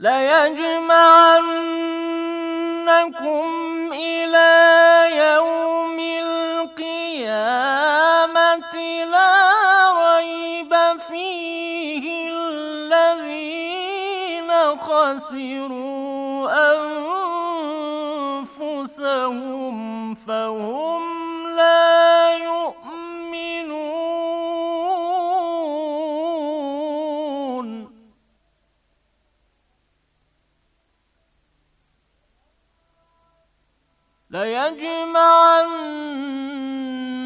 ليجمعنكم إلى يوم القيامة لا ريب فيه الذين خسروا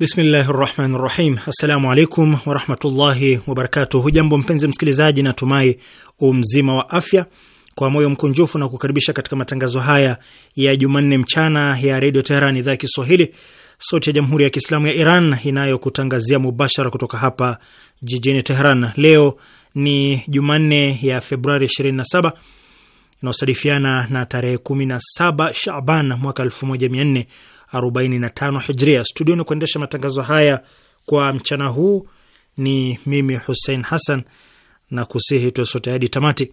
Bismillahi rahmani rahim. Assalamu alaikum warahmatullahi wabarakatuh. Hujambo mpenzi msikilizaji, natumai umzima wa afya. Kwa moyo mkunjufu na kukaribisha katika matangazo haya ya Jumanne mchana ya redio Teheran, idhaa ya Kiswahili, sauti ya jamhuri ya Kiislamu ya Iran inayokutangazia mubashara kutoka hapa jijini Teheran. Leo ni Jumanne ya Februari 27 inaosadifiana na tarehe 17 Shaban mwaka 1400 45 hijria. Studioni kuendesha matangazo haya kwa mchana huu ni mimi Hussein Hassan na kusihi tuwe sote hadi tamati.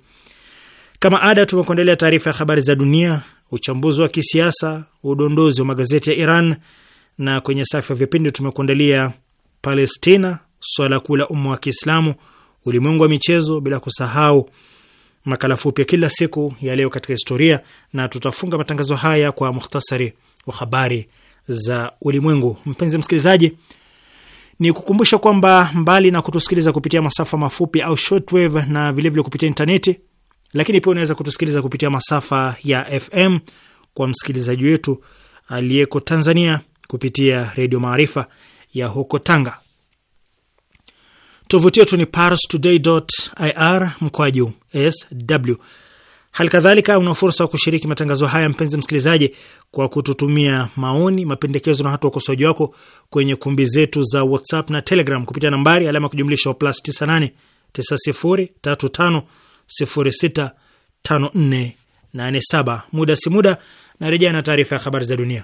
Kama ada, tumekuendelea taarifa ya habari za dunia, uchambuzi wa kisiasa, udondozi wa magazeti ya Iran, na kwenye safu ya vipindi tumekuandalia Palestina, swala kuu la umma wa Kiislamu, ulimwengu wa michezo, bila kusahau makala fupi ya kila siku ya leo katika historia, na tutafunga matangazo haya kwa mukhtasari wa habari za ulimwengu. Mpenzi msikilizaji, ni kukumbusha kwamba mbali na kutusikiliza kupitia masafa mafupi au shortwave na vilevile vile kupitia intaneti, lakini pia unaweza kutusikiliza kupitia masafa ya FM kwa msikilizaji wetu aliyeko Tanzania kupitia Redio Maarifa ya huko Tanga. Tovuti yetu ni parstoday.ir mkoaju sw Hali kadhalika una fursa wa kushiriki matangazo haya, mpenzi msikilizaji, kwa kututumia maoni, mapendekezo na hata ukosoaji wako kwenye kumbi zetu za WhatsApp na Telegram kupitia nambari alama kujumlisha plus 98 9035065487. Muda si muda na rejea na taarifa ya habari za dunia.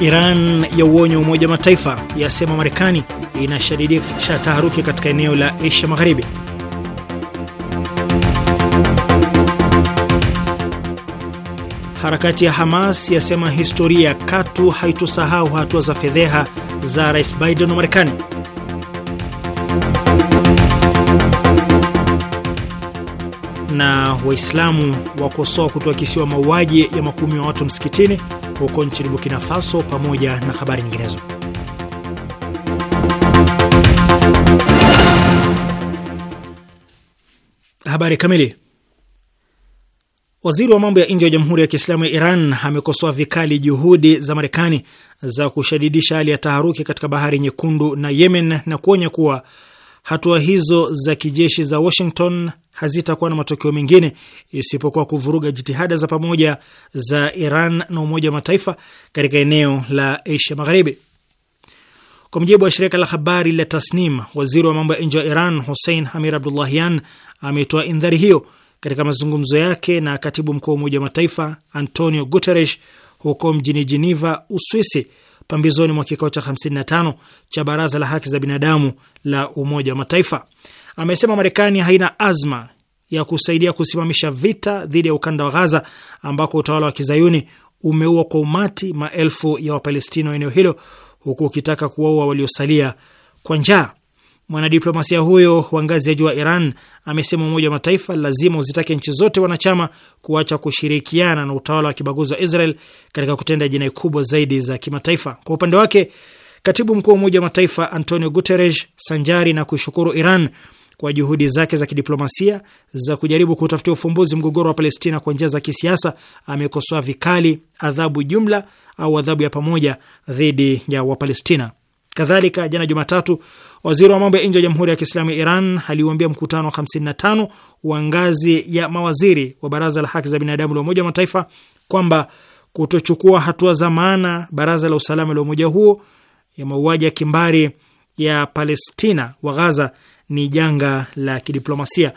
Iran ya uonya Umoja wa Mataifa yasema Marekani inashadidisha taharuki katika eneo la Asia Magharibi. Harakati ya Hamas yasema historia katu haitosahau hatua za fedheha za Rais Biden wa Marekani. Na Waislamu wakosoa kutoakisiwa mauaji ya makumi ya watu msikitini huko nchini Burkina Faso, pamoja na habari nyinginezo. Habari kamili. Waziri wa mambo ya nje wa Jamhuri ya Kiislamu ya Iran amekosoa vikali juhudi za Marekani za kushadidisha hali ya taharuki katika Bahari Nyekundu na Yemen na kuonya kuwa hatua hizo za kijeshi za Washington hazitakuwa na matokeo mengine isipokuwa kuvuruga jitihada za pamoja za Iran na Umoja wa Mataifa katika eneo la Asia Magharibi. Kwa mujibu wa shirika la habari la Tasnim, waziri wa mambo ya nje wa Iran Hussein Amir Abdullahian ametoa indhari hiyo katika mazungumzo yake na katibu mkuu wa Umoja wa Mataifa Antonio Guterres huko mjini Jeneva, Uswisi, pambizoni mwa kikao cha 55 cha Baraza la Haki za Binadamu la Umoja wa Mataifa amesema Marekani haina azma ya kusaidia kusimamisha vita dhidi ya ukanda wa Gaza ambako utawala wa kizayuni umeua kwa umati maelfu ya Wapalestina wa eneo hilo huku ukitaka kuwaua waliosalia kwa njaa. Mwanadiplomasia huyo wa ngazi ya juu wa Iran amesema Umoja wa Mataifa lazima uzitake nchi zote wanachama kuacha kushirikiana na utawala wa kibaguzi wa Israel katika kutenda jinai kubwa zaidi za kimataifa. Kwa upande wake, katibu mkuu wa Umoja wa Mataifa Antonio Guterres, sanjari na kuishukuru Iran kwa juhudi zake za kidiplomasia za kujaribu kutafutia ufumbuzi mgogoro wa Palestina kwa njia za kisiasa, amekosoa vikali adhabu jumla au adhabu ya pamoja dhidi ya Wapalestina. Kadhalika, jana Jumatatu, waziri wa mambo ya nje wa Jamhuri ya Kiislamu ya Iran aliuambia mkutano wa 55 wa ngazi ya mawaziri wa Baraza la Haki za Binadamu la Umoja wa Mataifa kwamba kutochukua hatua za maana Baraza la Usalama la umoja huo ya mauaji ya kimbari ya Palestina wa Ghaza ni janga la kidiplomasia.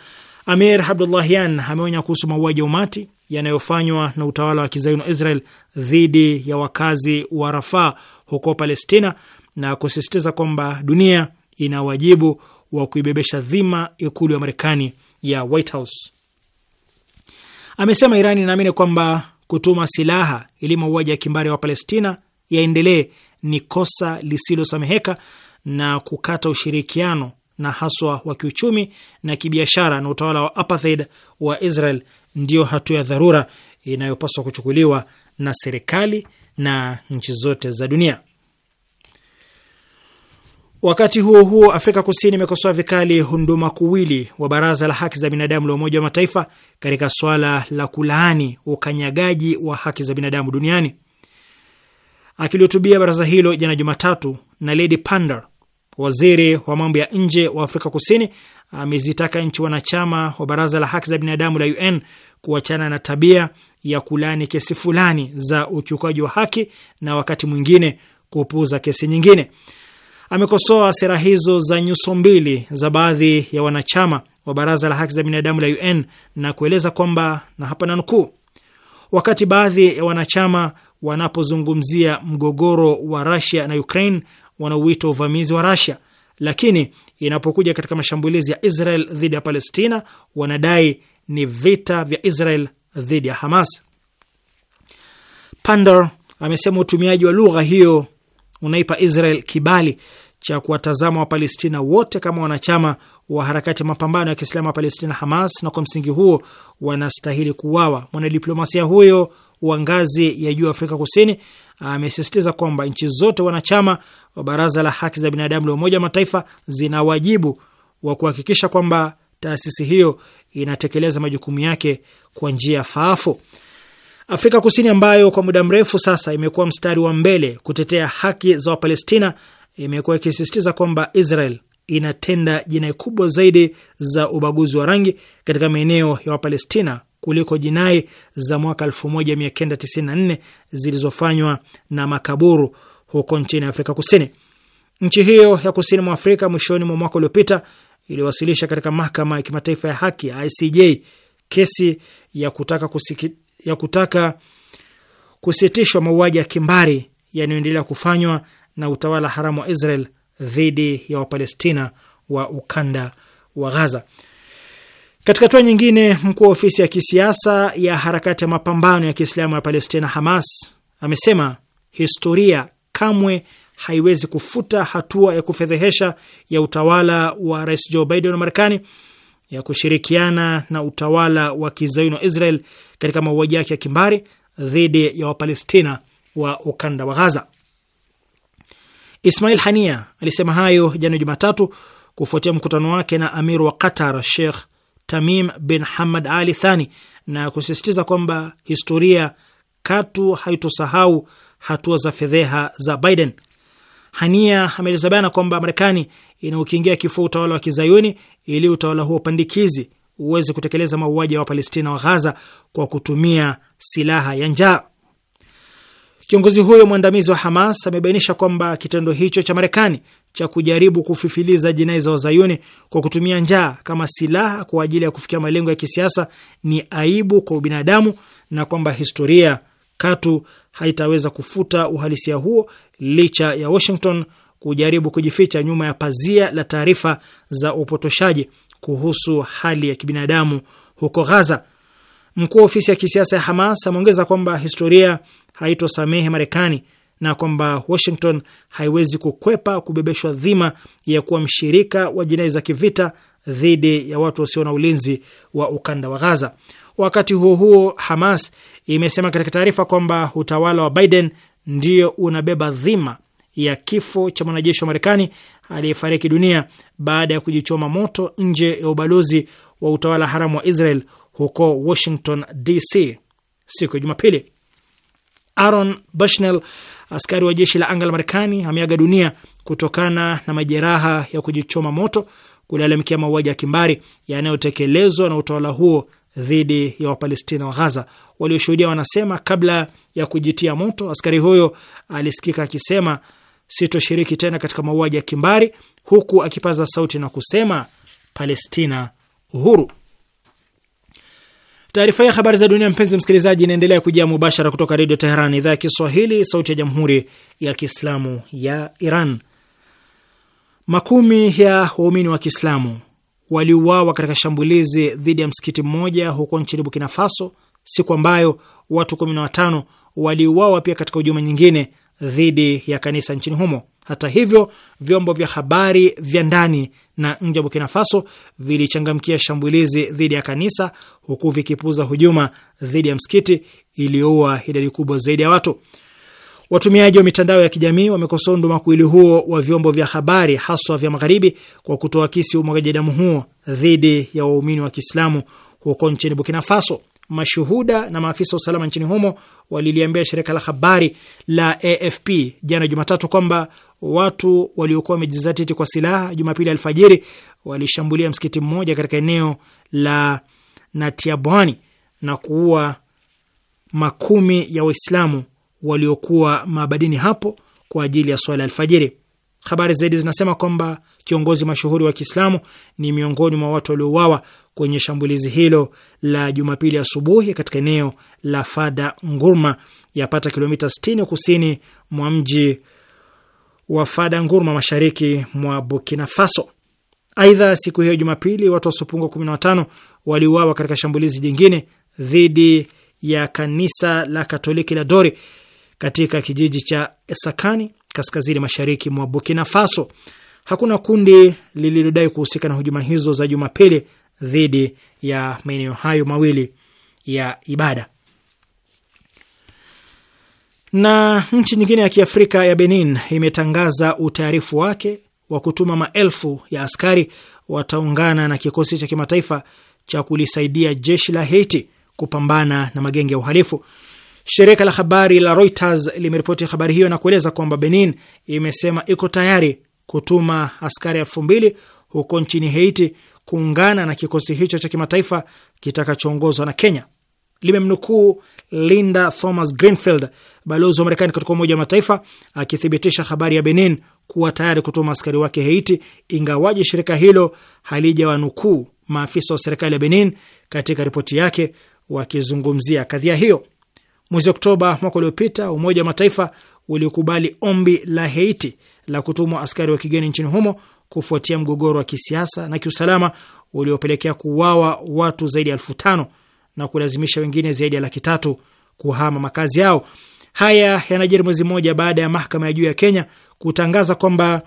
Amir Abdullahian ameonya kuhusu mauaji ya umati yanayofanywa na utawala wa kizayuni wa Israel dhidi ya wakazi wa Rafaa huko Palestina na kusisitiza kwamba dunia ina wajibu wa kuibebesha dhima ikulu ya Marekani ya White House. Amesema Iran inaamini kwamba kutuma silaha ili mauaji ya kimbari wa Palestina yaendelee ni kosa lisilosameheka na kukata ushirikiano na haswa wa kiuchumi na kibiashara na utawala wa apartheid wa Israel ndio hatua ya dharura inayopaswa kuchukuliwa na serikali na nchi zote za dunia. Wakati huo huo, Afrika Kusini imekosoa vikali hunduma kuwili wa Baraza la Haki za Binadamu la Umoja wa Mataifa katika swala la kulaani ukanyagaji wa haki za binadamu duniani. Akilihutubia baraza hilo jana Jumatatu, Lady Pandor Waziri wa mambo ya nje wa Afrika Kusini amezitaka nchi wanachama wa Baraza la Haki za Binadamu la UN kuachana na tabia ya kulani kesi fulani za ukiukaji wa haki na wakati mwingine kupuuza kesi nyingine. Amekosoa sera hizo za nyuso mbili za baadhi ya wanachama wa Baraza la Haki za Binadamu la UN na kueleza kwamba, na hapa nukuu, wakati baadhi ya wanachama wanapozungumzia mgogoro wa rasia na Ukraine wanauita uvamizi wa Rasia, lakini inapokuja katika mashambulizi ya Israel dhidi ya Palestina wanadai ni vita vya Israel dhidi ya Hamas. Pandor amesema utumiaji wa lugha hiyo unaipa Israel kibali cha kuwatazama Wapalestina wote kama wanachama wa harakati ya mapambano ya Kiislamu wa Palestina, Hamas, na kwa msingi huo wanastahili kuuawa. Mwanadiplomasia huyo wa ngazi ya juu Afrika Kusini amesisitiza kwamba nchi zote wanachama wa Baraza la Haki za Binadamu la Umoja wa Mataifa zina wajibu wa kuhakikisha kwamba taasisi hiyo inatekeleza majukumu yake kwa njia faafu. Afrika Kusini ambayo kwa muda mrefu sasa imekuwa mstari wa mbele kutetea haki za Wapalestina imekuwa ikisisitiza kwamba Israel inatenda jinai kubwa zaidi za ubaguzi wa rangi katika maeneo ya Wapalestina kuliko jinai za mwaka 1994 zilizofanywa na makaburu huko nchini Afrika Kusini. Nchi hiyo ya kusini mwa Afrika mwishoni mwa mwaka uliopita iliwasilisha katika mahakama ya kimataifa ya haki ICJ kesi ya kutaka, kusiki, ya kutaka kusitishwa mauaji ya kimbari yanayoendelea kufanywa na utawala haramu wa Israel dhidi ya Wapalestina wa ukanda wa Ghaza. Katika hatua nyingine, mkuu wa ofisi ya kisiasa ya harakati ya mapambano ya Kiislamu ya Palestina, Hamas, amesema historia kamwe haiwezi kufuta hatua ya kufedhehesha ya utawala wa Rais Joe Biden wa Marekani ya kushirikiana na utawala wa kizayuni wa Israel katika mauaji yake ya kimbari dhidi ya Wapalestina wa ukanda wa Ghaza. Ismail Hania alisema hayo jana Jumatatu kufuatia mkutano wake na amir wa Qatar Sheikh Tamim bin Hamad Ali Thani na kusisitiza kwamba historia katu haitosahau hatua za fedheha za Biden. Hania ameeleza bayana kwamba Marekani inaukingia kifua utawala wa kizayuni ili utawala huo pandikizi uweze kutekeleza mauaji ya Wapalestina wa Ghaza kwa kutumia silaha ya njaa. Kiongozi huyo mwandamizi wa Hamas amebainisha kwamba kitendo hicho cha Marekani cha kujaribu kufifiliza jinai za wazayuni kwa kutumia njaa kama silaha kwa ajili ya kufikia malengo ya kisiasa ni aibu kwa ubinadamu na kwamba historia katu haitaweza kufuta uhalisia huo licha ya Washington kujaribu kujificha nyuma ya pazia la taarifa za upotoshaji kuhusu hali ya kibinadamu huko Gaza. Mkuu wa ofisi ya kisiasa ya Hamas ameongeza kwamba historia haitosamehe Marekani na kwamba Washington haiwezi kukwepa kubebeshwa dhima ya kuwa mshirika wa jinai za kivita dhidi ya watu wasio na ulinzi wa ukanda wa Gaza. Wakati huo huo, Hamas imesema katika taarifa kwamba utawala wa Biden ndio unabeba dhima ya kifo cha mwanajeshi wa Marekani aliyefariki dunia baada ya kujichoma moto nje ya ubalozi wa utawala haramu wa Israel huko Washington DC siku ya Jumapili. Aaron Bushnell, askari wa jeshi la anga la Marekani, ameaga dunia kutokana na majeraha ya kujichoma moto kulalamikia mauaji ya kimbari yanayotekelezwa na utawala huo dhidi ya Wapalestina wa Ghaza. Walioshuhudia wanasema kabla ya kujitia moto, askari huyo alisikika akisema, sitoshiriki tena katika mauaji ya kimbari, huku akipaza sauti na kusema, Palestina uhuru. Taarifa ya habari za dunia, mpenzi msikilizaji, inaendelea kujia mubashara kutoka Redio Teheran, idhaa ya Kiswahili, sauti ya jamhuri ya kiislamu ya Iran. Makumi ya waumini wa Kiislamu waliuawa katika shambulizi dhidi ya msikiti mmoja huko nchini Burkina Faso, siku ambayo watu 15 waliuawa pia katika hujuma nyingine dhidi ya kanisa nchini humo. Hata hivyo, vyombo vya habari vya ndani na nje ya Burkina Faso vilichangamkia shambulizi dhidi ya kanisa, huku vikipuza hujuma dhidi ya msikiti iliyoua idadi kubwa zaidi ya watu. Watumiaji wa mitandao ya kijamii wamekosoa ndumakuwili huo wa vyombo vya habari haswa vya magharibi kwa kutoakisi umwagaji damu huo dhidi ya waumini wa Kiislamu huko nchini Burkina Faso. Mashuhuda na maafisa wa usalama nchini humo waliliambia shirika la habari la AFP jana Jumatatu kwamba watu waliokuwa wamejizatiti kwa silaha Jumapili alfajiri walishambulia msikiti mmoja katika eneo la Natiabwani na kuua makumi ya Waislamu waliokuwa maabadini hapo kwa ajili ya swala alfajiri. Habari zaidi zinasema kwamba kiongozi mashuhuri wa Kiislamu ni miongoni mwa watu waliouawa kwenye shambulizi hilo la Jumapili asubuhi katika eneo la Fada Ngurma, yapata kilomita 60 kusini mwa mji wa Fada Nguruma, mashariki mwa Burkina Faso. Aidha, siku hiyo Jumapili, watu kumi na watano waliuawa katika shambulizi jingine dhidi ya kanisa la Katoliki la Dori katika kijiji cha Esakani, kaskazini mashariki mwa Burkina Faso. Hakuna kundi lililodai kuhusika na hujuma hizo za Jumapili dhidi ya maeneo hayo mawili ya ibada. Na nchi nyingine ya kiafrika ya Benin imetangaza utayarifu wake wa kutuma maelfu ya askari wataungana na kikosi cha kimataifa cha kulisaidia jeshi la Haiti kupambana na magenge ya uhalifu. Shirika la habari la Reuters limeripoti habari hiyo na kueleza kwamba Benin imesema iko tayari kutuma askari elfu mbili huko nchini Haiti kuungana na kikosi hicho cha kimataifa kitakachoongozwa na Kenya limemnukuu Linda Thomas Greenfield, balozi wa Marekani katika Umoja wa Mataifa, akithibitisha habari ya Benin kuwa tayari kutuma askari wake Haiti, ingawaji shirika hilo halijawanukuu maafisa wa serikali ya Benin katika ripoti yake wakizungumzia kadhia hiyo. Mwezi Oktoba mwaka uliopita, Umoja wa Mataifa ulikubali ombi la Haiti la kutumwa askari wa kigeni nchini humo kufuatia mgogoro wa kisiasa na kiusalama uliopelekea kuuawa watu zaidi ya elfu tano na kulazimisha wengine zaidi ya laki tatu kuhama makazi yao. Haya yanajiri mwezi mmoja baada ya mahakama ya juu ya Kenya kutangaza kwamba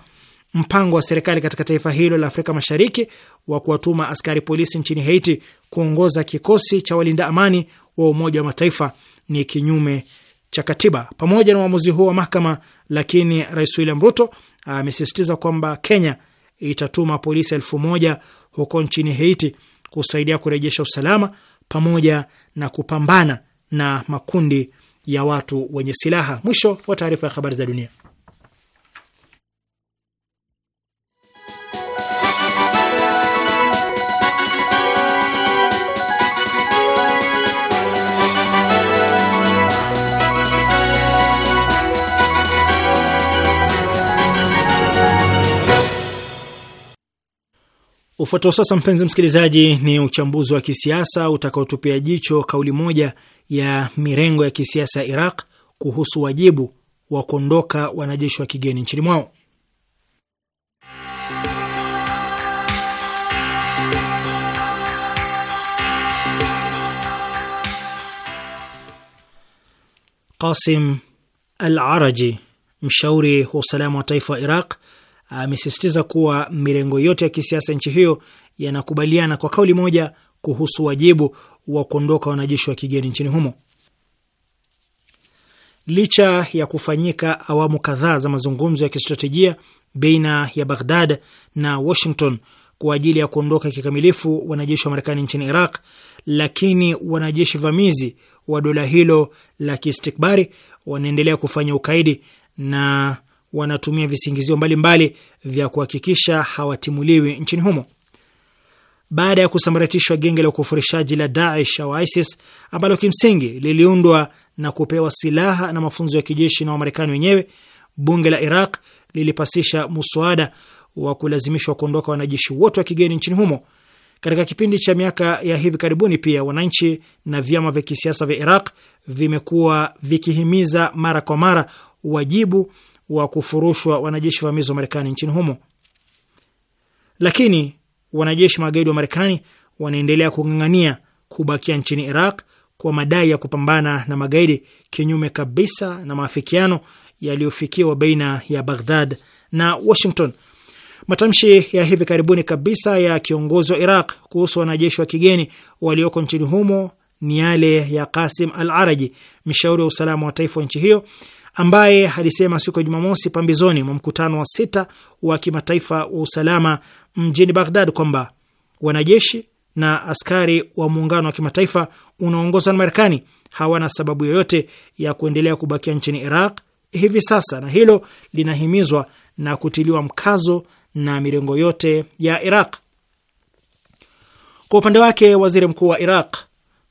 mpango wa serikali katika taifa hilo la Afrika Mashariki wa kuwatuma askari polisi nchini Haiti kuongoza kikosi cha walinda amani wa Umoja wa Mataifa ni kinyume cha katiba. Pamoja na uamuzi huo wa mahakama, lakini Rais William Ruto amesisitiza kwamba Kenya itatuma polisi elfu moja huko nchini Haiti kusaidia kurejesha usalama pamoja na kupambana na makundi ya watu wenye silaha. Mwisho wa taarifa ya habari za dunia. Ufuatao sasa, mpenzi msikilizaji, ni uchambuzi wa kisiasa utakaotupia jicho kauli moja ya mirengo ya kisiasa ya Iraq kuhusu wajibu wa kuondoka wanajeshi wa kigeni nchini mwao. Qasim Al Araji, mshauri wa usalama wa taifa wa Iraq amesisitiza kuwa mirengo yote ya kisiasa nchi hiyo yanakubaliana kwa kauli moja kuhusu wajibu wa kuondoka wanajeshi wa kigeni nchini humo. Licha ya kufanyika awamu kadhaa za mazungumzo ya kistratejia baina ya Baghdad na Washington kwa ajili ya kuondoka kikamilifu wanajeshi wa Marekani nchini Iraq, lakini wanajeshi vamizi wa dola hilo la kiistikbari wanaendelea kufanya ukaidi na wanatumia visingizio mbalimbali mbali vya kuhakikisha hawatimuliwi nchini humo. Baada ya kusambaratishwa genge la ukufurishaji la Daesh au ISIS ambalo kimsingi liliundwa na kupewa silaha na mafunzo ya kijeshi na Wamarekani wenyewe, bunge la Iraq lilipasisha muswada wa kulazimishwa kuondoka wanajeshi wote wa kigeni nchini humo. Katika kipindi cha miaka ya hivi karibuni, pia wananchi na vyama vya kisiasa vya Iraq vimekuwa vikihimiza mara kwa mara wajibu wa kufurushwa wanajeshi vamizi wa Marekani nchini humo, lakini wanajeshi magaidi wa Marekani wanaendelea kung'ang'ania kubakia nchini Iraq kwa madai ya kupambana na magaidi, kinyume kabisa na maafikiano yaliyofikiwa baina ya Baghdad na Washington. Matamshi ya hivi karibuni kabisa ya kiongozi wa Iraq kuhusu wanajeshi wa kigeni walioko nchini humo ni yale ya Kasim Al Araji, mshauri wa usalama wa taifa wa nchi hiyo, ambaye alisema siku ya Jumamosi pambizoni mwa mkutano wa sita wa kimataifa wa usalama mjini Baghdad kwamba wanajeshi na askari wa muungano wa kimataifa unaoongozwa na Marekani hawana sababu yoyote ya kuendelea kubakia nchini Iraq hivi sasa, na hilo linahimizwa na kutiliwa mkazo na mirengo yote ya Iraq. Kwa upande wake, waziri mkuu wa Iraq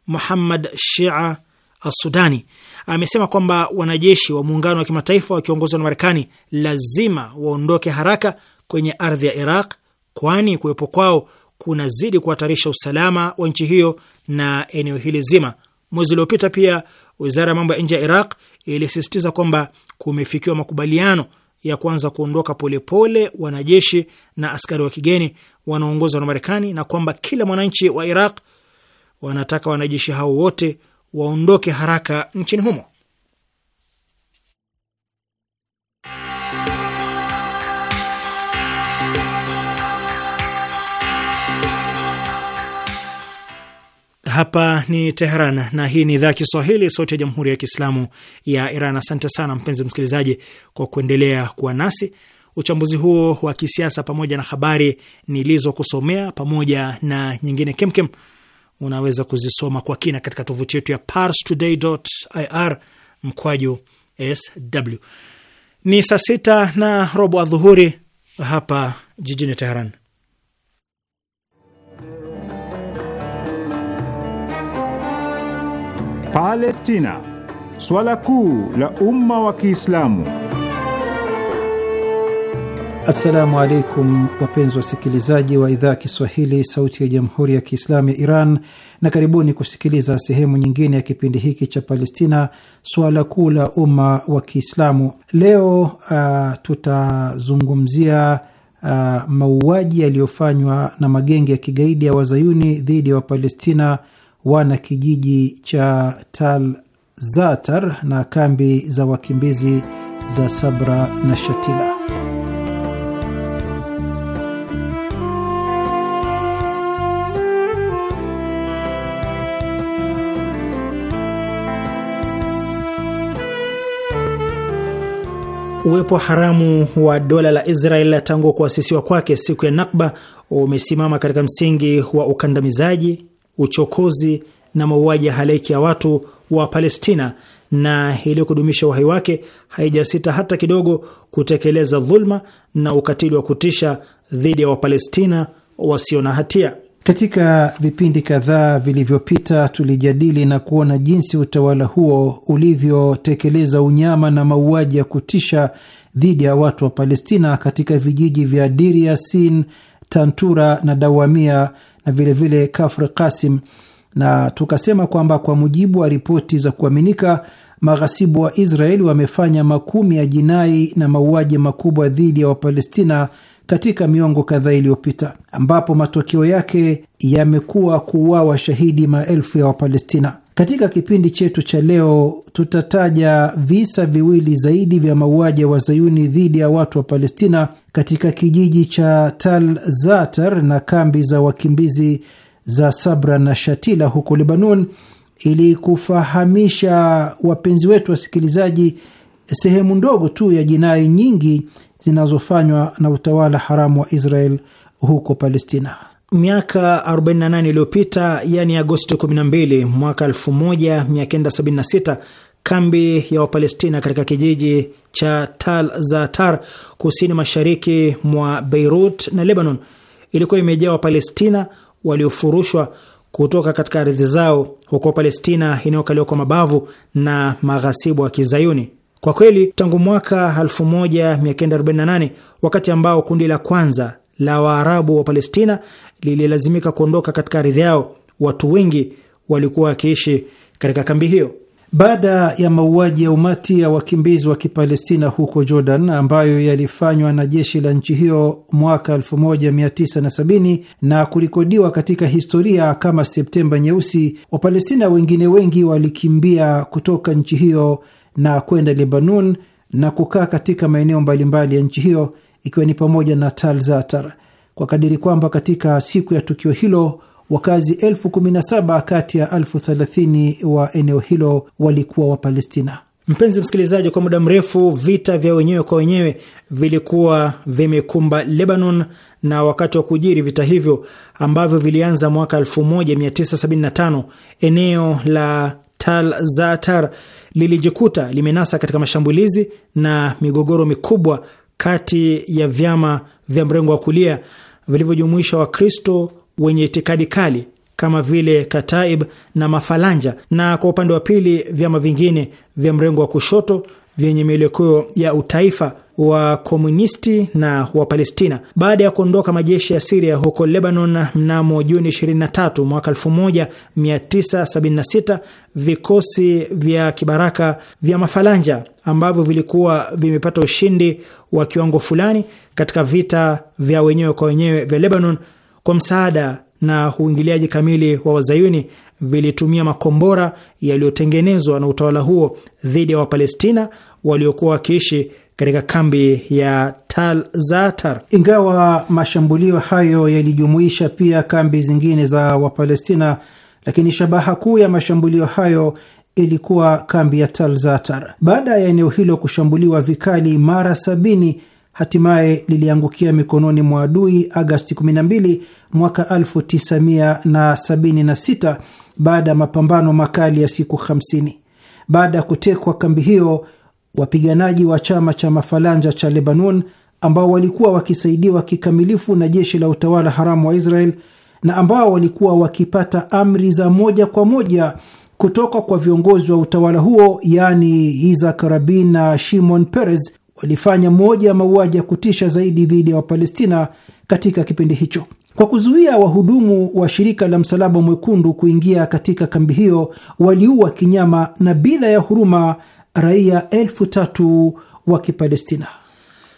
Muhammad Shia Assudani amesema kwamba wanajeshi wa muungano wa kimataifa wakiongozwa na Marekani lazima waondoke haraka kwenye ardhi ya Iraq, kwani kuwepo kwao kunazidi kuhatarisha usalama wa nchi hiyo na eneo hili zima. Mwezi uliopita pia wizara ya mambo ya nje ya Iraq ilisisitiza kwamba kumefikiwa makubaliano ya kuanza kuondoka polepole wanajeshi na askari wa kigeni wanaoongozwa na Marekani na kwamba kila mwananchi wa Iraq wanataka wanajeshi hao wote waondoke haraka nchini humo. Hapa ni Teheran na hii ni idhaa ya Kiswahili, sauti ya jamhuri ya kiislamu ya Iran. Asante sana mpenzi msikilizaji kwa kuendelea kuwa nasi. Uchambuzi huo wa kisiasa pamoja na habari nilizokusomea pamoja na nyingine kemkem unaweza kuzisoma kwa kina katika tovuti yetu ya parstoday.ir mkwaju sw. Ni saa sita na robo adhuhuri hapa jijini Teheran. Palestina, swala kuu la umma wa Kiislamu. Assalamu alaikum wapenzi wasikilizaji wa idhaa ya Kiswahili sauti ya jamhuri ya Kiislamu ya Iran, na karibuni kusikiliza sehemu nyingine ya kipindi hiki cha Palestina, suala kuu la umma wa Kiislamu. Leo uh, tutazungumzia uh, mauaji yaliyofanywa na magenge ya kigaidi ya wazayuni dhidi ya Wapalestina wana kijiji cha Tal Zatar na kambi za wakimbizi za Sabra na Shatila. Uwepo haramu wa dola la Israel tangu kuasisiwa kwake siku ya Nakba umesimama katika msingi wa ukandamizaji, uchokozi na mauaji ya halaiki ya watu wa Palestina, na ili kudumisha uhai wake haijasita hata kidogo kutekeleza dhulma na ukatili wa kutisha dhidi ya Wapalestina wasio na hatia. Katika vipindi kadhaa vilivyopita tulijadili na kuona jinsi utawala huo ulivyotekeleza unyama na mauaji ya kutisha dhidi ya watu wa Palestina katika vijiji vya Dir Yasin, Tantura na Dawamia na vilevile vile Kafr kasim na tukasema kwamba kwa mujibu wa ripoti za kuaminika maghasibu wa Israeli wamefanya makumi ya jinai na mauaji makubwa dhidi ya Wapalestina katika miongo kadhaa iliyopita, ambapo matokeo yake yamekuwa kuuawa shahidi maelfu ya Wapalestina. Katika kipindi chetu cha leo tutataja visa viwili zaidi vya mauaji ya wazayuni dhidi ya watu wa Palestina katika kijiji cha Tal Zatar na kambi za wakimbizi za Sabra na Shatila huko Lebanon, ili kufahamisha wapenzi wetu wasikilizaji sehemu ndogo tu ya jinai nyingi zinazofanywa na utawala haramu wa Israel huko Palestina. Miaka 48 iliyopita, yani Agosti 12 mwaka 1976, kambi ya Wapalestina katika kijiji cha Tal Zatar kusini mashariki mwa Beirut na Lebanon ilikuwa imejaa Wapalestina waliofurushwa kutoka katika ardhi zao huko Palestina inayokaliwa kwa mabavu na maghasibu wa Kizayuni. Kwa kweli tangu mwaka 1948 wakati ambao kundi la kwanza la Waarabu wa Palestina lililazimika kuondoka katika ardhi yao, watu wengi walikuwa wakiishi katika kambi hiyo. Baada ya mauaji ya umati ya wakimbizi wa Kipalestina huko Jordan ambayo yalifanywa na jeshi la nchi hiyo mwaka 1970 na kurikodiwa katika historia kama Septemba Nyeusi, Wapalestina wengine wengi walikimbia kutoka nchi hiyo na kwenda Lebanon na kukaa katika maeneo mbalimbali ya nchi hiyo ikiwa ni pamoja na Tal Zatar, kwa kadiri kwamba katika siku ya tukio hilo wakazi elfu kumi na saba kati ya elfu thelathini wa eneo hilo walikuwa Wapalestina. Mpenzi msikilizaji, kwa muda mrefu vita vya wenyewe kwa wenyewe vilikuwa vimekumba Lebanon, na wakati wa kujiri vita hivyo ambavyo vilianza mwaka 1975 eneo la Tal Zatar lilijikuta limenasa katika mashambulizi na migogoro mikubwa kati ya vyama vya mrengo wa kulia vilivyojumuisha Wakristo wenye itikadi kali kama vile Kataib na Mafalanja, na kwa upande wa pili vyama vingine vya mrengo wa kushoto vyenye mielekeo ya utaifa wa komunisti na wa palestina Baada ya kuondoka majeshi ya Siria huko Lebanon mnamo Juni 23 mwaka 1976, vikosi vya kibaraka vya Mafalanja ambavyo vilikuwa vimepata ushindi wa kiwango fulani katika vita vya wenyewe kwa wenyewe vya Lebanon kwa msaada na uingiliaji kamili wa Wazayuni vilitumia makombora yaliyotengenezwa na utawala huo dhidi ya Wapalestina waliokuwa wakiishi katika kambi ya Tal Zatar. Ingawa mashambulio hayo yalijumuisha pia kambi zingine za Wapalestina, lakini shabaha kuu ya mashambulio hayo ilikuwa kambi ya Tal Zatar. Baada ya eneo hilo kushambuliwa vikali mara sabini, hatimaye liliangukia mikononi mwa adui Agasti 12 mwaka 1976 baada ya mapambano makali ya siku 50. Baada ya kutekwa kambi hiyo, wapiganaji wa chama cha Mafalanja cha Lebanon ambao walikuwa wakisaidiwa kikamilifu na jeshi la utawala haramu wa Israel na ambao walikuwa wakipata amri za moja kwa moja kutoka kwa viongozi wa utawala huo, yaani Isaac Rabin na Shimon Peres, walifanya moja ya mauaji ya kutisha zaidi dhidi ya Wapalestina katika kipindi hicho. Kwa kuzuia wahudumu wa shirika la Msalaba Mwekundu kuingia katika kambi hiyo, waliua kinyama na bila ya huruma raia elfu tatu wa Kipalestina.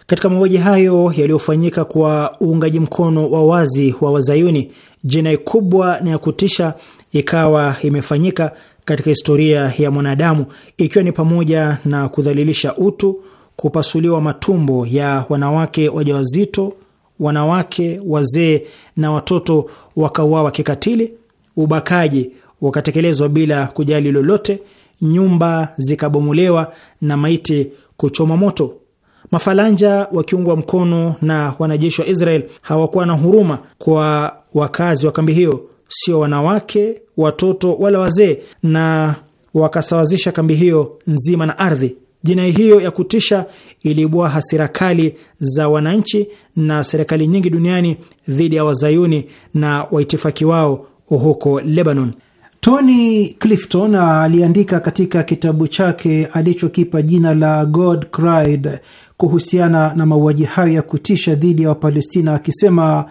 Katika mauaji hayo yaliyofanyika kwa uungaji mkono wa wazi wa Wazayuni, jinai kubwa na ya kutisha ikawa imefanyika katika historia ya mwanadamu, ikiwa ni pamoja na kudhalilisha utu, kupasuliwa matumbo ya wanawake wajawazito wanawake, wazee na watoto wakauawa kikatili, ubakaji wakatekelezwa bila kujali lolote, nyumba zikabomolewa na maiti kuchoma moto. Mafalanja wakiungwa mkono na wanajeshi wa Israel hawakuwa na huruma kwa wakazi wa kambi hiyo, sio wanawake, watoto wala wazee, na wakasawazisha kambi hiyo nzima na ardhi. Jinai hiyo ya kutisha iliibua hasira kali za wananchi na serikali nyingi duniani dhidi ya wazayuni na waitifaki wao huko Lebanon. Tony Clifton aliandika katika kitabu chake alichokipa jina la God Cried kuhusiana na mauaji hayo ya kutisha dhidi ya Wapalestina akisema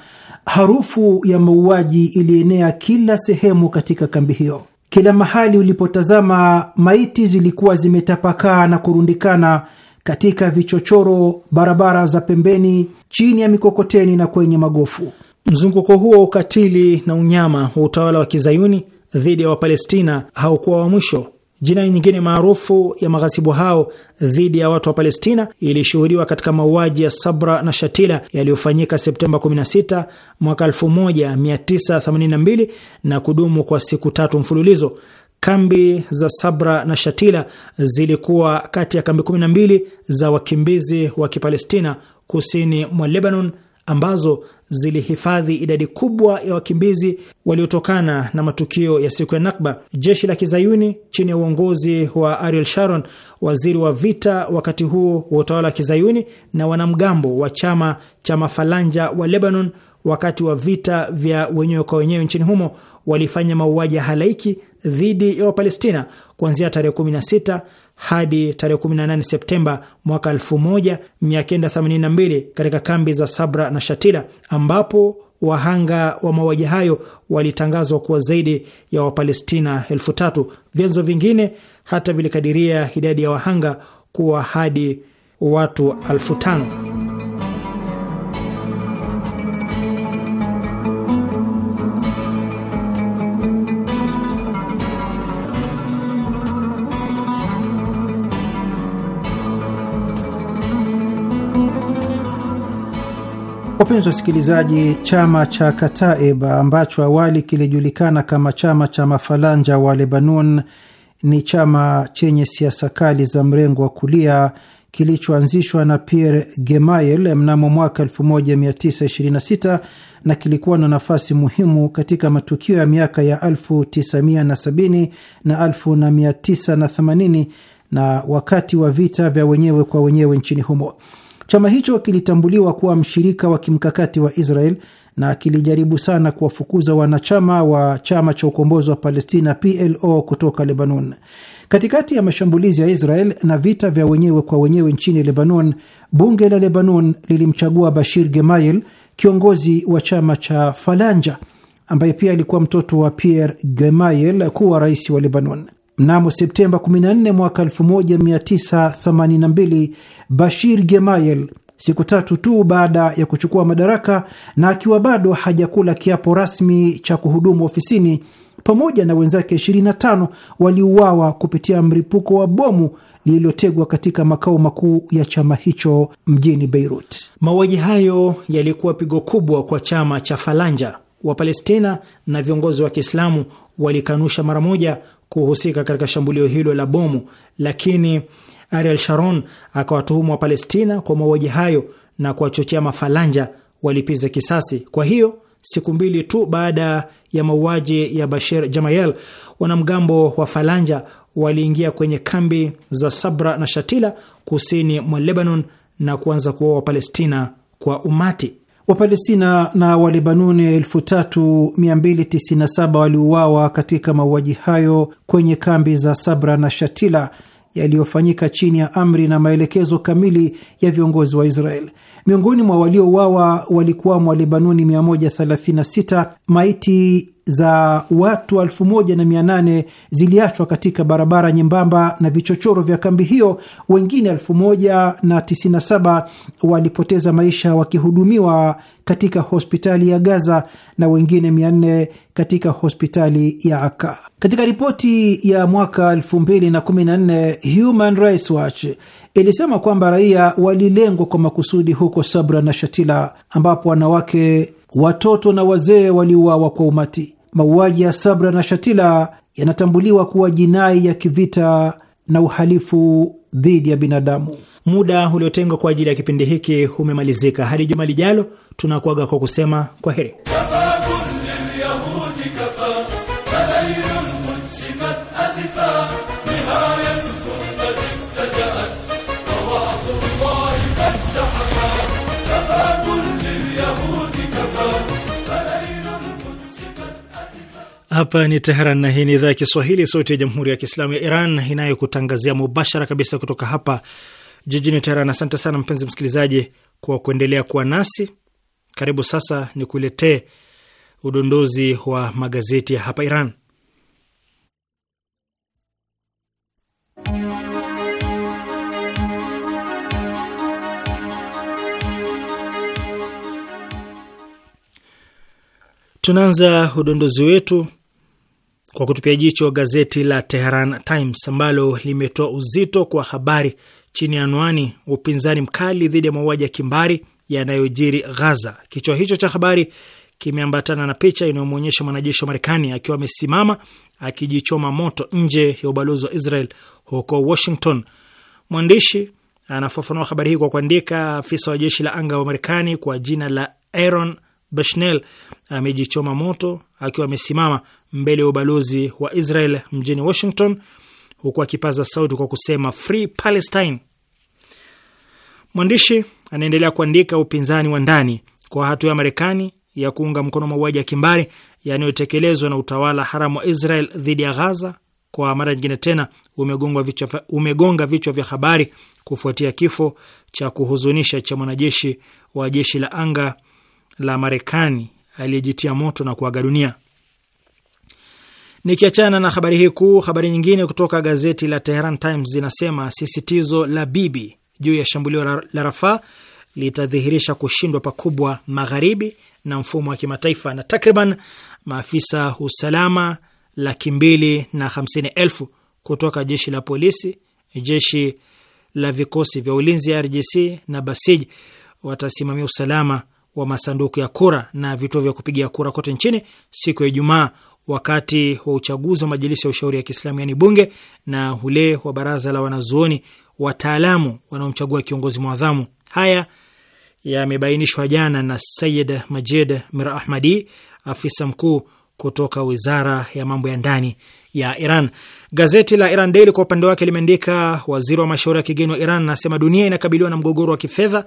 harufu ya mauaji ilienea kila sehemu katika kambi hiyo. Kila mahali ulipotazama, maiti zilikuwa zimetapakaa na kurundikana katika vichochoro, barabara za pembeni, chini ya mikokoteni na kwenye magofu. Mzunguko huo wa ukatili na unyama wa utawala wa kizayuni dhidi ya Wapalestina haukuwa wa mwisho. Jinai nyingine maarufu ya maghasibu hao dhidi ya watu wa Palestina ilishuhudiwa katika mauaji ya Sabra na Shatila yaliyofanyika Septemba 16 mwaka 1982 na kudumu kwa siku tatu mfululizo. Kambi za Sabra na Shatila zilikuwa kati ya kambi 12 za wakimbizi wa Kipalestina kusini mwa Lebanon ambazo zilihifadhi idadi kubwa ya wakimbizi waliotokana na matukio ya siku ya Nakba. Jeshi la kizayuni chini ya uongozi wa Ariel Sharon, waziri wa vita wakati huo wa utawala wa kizayuni, na wanamgambo wa chama cha Mafalanja wa Lebanon wakati wa vita vya wenyewe kwa wenyewe nchini humo walifanya mauaji ya halaiki dhidi ya Wapalestina kuanzia tarehe 16 hadi tarehe 18 Septemba mwaka 1982 katika kambi za Sabra na Shatila ambapo wahanga wa mauaji hayo walitangazwa kuwa zaidi ya Wapalestina elfu tatu. Vyanzo vingine hata vilikadiria idadi ya wahanga kuwa hadi watu elfu tano. Wapenzi wasikilizaji, chama cha Kataib ambacho awali kilijulikana kama chama cha Mafalanja wa Lebanon ni chama chenye siasa kali za mrengo wa kulia kilichoanzishwa na Pierre Gemayel mnamo mwaka 1926 na kilikuwa na nafasi muhimu katika matukio ya miaka ya 1970 na 1980 na wakati wa vita vya wenyewe kwa wenyewe nchini humo. Chama hicho kilitambuliwa kuwa mshirika wa kimkakati wa Israel na kilijaribu sana kuwafukuza wanachama wa chama cha ukombozi wa Palestina PLO kutoka Lebanon. Katikati ya mashambulizi ya Israel na vita vya wenyewe kwa wenyewe nchini Lebanon, bunge la Lebanon lilimchagua Bashir Gemayel, kiongozi wa chama cha Falanja ambaye pia alikuwa mtoto wa Pierre Gemayel, kuwa rais wa Lebanon. Mnamo Septemba 14 mwaka 1982 Bashir Gemayel, siku tatu tu baada ya kuchukua madaraka na akiwa bado hajakula kiapo rasmi cha kuhudumu ofisini, pamoja na wenzake 25 waliuawa kupitia mlipuko wa bomu lililotegwa katika makao makuu ya chama hicho mjini Beirut. Mauaji hayo yalikuwa pigo kubwa kwa chama cha Falanja. Wapalestina na viongozi wa Kiislamu walikanusha mara moja kuhusika katika shambulio hilo la bomu, lakini Ariel Sharon akawatuhumu wa Palestina kwa mauaji hayo na kuwachochea mafalanja walipiza kisasi. Kwa hiyo siku mbili tu baada ya mauaji ya Bashir Jamayel, wanamgambo wa Falanja waliingia kwenye kambi za Sabra na Shatila kusini mwa Lebanon na kuanza kuwaua Wapalestina kwa umati. Wapalestina na Walebanuni 3297 waliuawa katika mauaji hayo kwenye kambi za Sabra na Shatila yaliyofanyika chini ya amri na maelekezo kamili ya viongozi wa Israel. Miongoni mwa waliouawa walikuwamo Walebanuni 136, maiti za watu elfu moja na mia nane ziliachwa katika barabara nyembamba na vichochoro vya kambi hiyo. Wengine elfu moja na saba walipoteza maisha wakihudumiwa katika hospitali ya Gaza na wengine mia nne katika hospitali ya Aka. Katika ripoti ya mwaka 2014 Human Rights Watch ilisema kwamba raia walilengwa kwa makusudi huko Sabra na Shatila, ambapo wanawake, watoto na wazee waliuawa kwa umati. Mauaji ya Sabra na Shatila yanatambuliwa kuwa jinai ya kivita na uhalifu dhidi ya binadamu. Muda uliotengwa kwa ajili ya kipindi hiki umemalizika. Hadi juma lijalo, tunakuaga kwa kusema kwa heri. Hapa ni Teheran na hii ni idhaa ya Kiswahili, sauti ya jamhuri ya kiislamu ya Iran inayokutangazia mubashara kabisa kutoka hapa jijini Teheran. Asante sana mpenzi msikilizaji kwa kuendelea kuwa nasi. Karibu sasa ni kuletee udondozi wa magazeti ya hapa Iran. Tunaanza udondozi wetu kwa kutupia jicho gazeti la Teheran Times ambalo limetoa uzito kwa habari chini ya anwani upinzani mkali dhidi ya mauaji ya kimbari yanayojiri Ghaza. Kichwa hicho cha habari kimeambatana na picha inayomwonyesha mwanajeshi wa Marekani akiwa amesimama akijichoma moto nje ya ubalozi wa Israel huko Washington. Mwandishi anafafanua habari hii kwa kuandika, afisa wa jeshi la anga wa Marekani kwa jina la Aaron Beshnel amejichoma moto akiwa amesimama mbele ya ubalozi wa Israel mjini Washington, huku akipaza sauti kwa kusema Free Palestine. Mwandishi anaendelea kuandika upinzani wa ndani kwa hatua ya Marekani ya kuunga mkono mauaji ya kimbari yanayotekelezwa na utawala haramu wa Israel dhidi ya Ghaza kwa mara nyingine tena umegonga vichwa vya habari kufuatia kifo cha kuhuzunisha cha mwanajeshi wa jeshi la anga la Marekani aliyejitia moto na kuaga dunia. Nikiachana na habari hii kuu, habari nyingine kutoka gazeti la Teheran Times zinasema sisitizo la Bibi juu ya shambulio la Rafaa litadhihirisha kushindwa pakubwa magharibi na mfumo wa kimataifa. Na takriban maafisa usalama laki mbili na hamsini elfu kutoka jeshi la polisi, jeshi la vikosi vya ulinzi ya RGC na Basij watasimamia usalama wa masanduku ya kura na vituo vya kupigia kura kote nchini siku ya Ijumaa wakati wa uchaguzi wa majilisi ya ushauri ya Kiislamu yaani bunge na ule wa baraza la wanazuoni wataalamu wanaomchagua kiongozi mwadhamu. Haya yamebainishwa jana na Sayid Majid Mir Ahmadi, afisa mkuu kutoka wizara ya mambo ya ndani ya Iran. Gazeti la Iran Daily kwa upande wake limeandika, waziri wa mashauri ya kigeni wa Iran anasema dunia inakabiliwa na mgogoro wa kifedha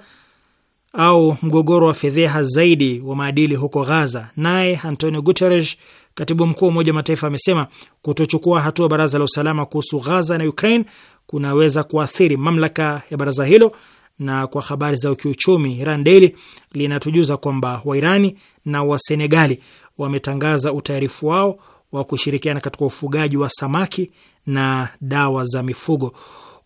au mgogoro wa fedheha zaidi wa maadili huko Ghaza. Naye Antonio Guterres, katibu mkuu wa Umoja wa Mataifa, amesema kutochukua hatua baraza la usalama kuhusu Ghaza na Ukraine kunaweza kuathiri mamlaka ya baraza hilo. Na kwa habari za kiuchumi, Iran Daily linatujuza kwamba Wairani na Wasenegali wametangaza utayarifu wao wa kushirikiana katika ufugaji wa samaki na dawa za mifugo.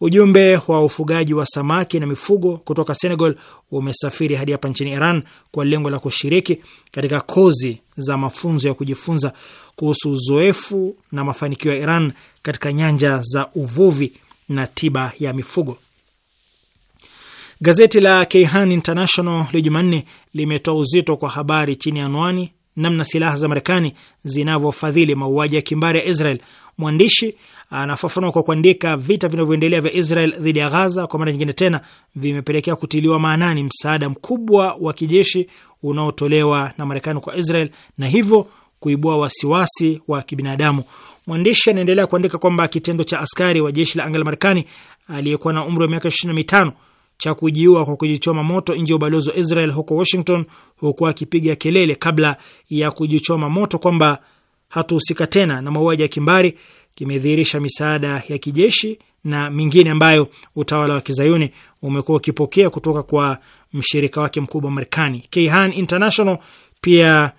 Ujumbe wa ufugaji wa samaki na mifugo kutoka Senegal umesafiri hadi hapa nchini Iran kwa lengo la kushiriki katika kozi za mafunzo ya kujifunza kuhusu uzoefu na mafanikio ya Iran katika nyanja za uvuvi na tiba ya mifugo. Gazeti la Kayhan International leo Jumanne limetoa uzito kwa habari chini ya anwani namna silaha za Marekani zinavyofadhili mauaji ya kimbari ya Israel. Mwandishi Anafafanua ah, kwa kuandika, vita vinavyoendelea vya Israel dhidi ya Gaza kwa mara nyingine tena vimepelekea kutiliwa maanani msaada mkubwa wa kijeshi unaotolewa na Marekani kwa Israel na hivyo kuibua wasiwasi wa kibinadamu. Mwandishi anaendelea kuandika kwamba kitendo cha askari wa jeshi la anga la Marekani aliyekuwa na umri wa miaka 25 cha kujiua kwa kujichoma moto nje ya ubalozi wa Israel huko Washington, huku akipiga kelele kabla ya kujichoma moto kwamba hatuhusika tena na mauaji ya kimbari kimedhihirisha misaada ya kijeshi na mingine ambayo utawala wa kizayuni umekuwa ukipokea kutoka kwa mshirika wake mkubwa Marekani. Kayhan International pia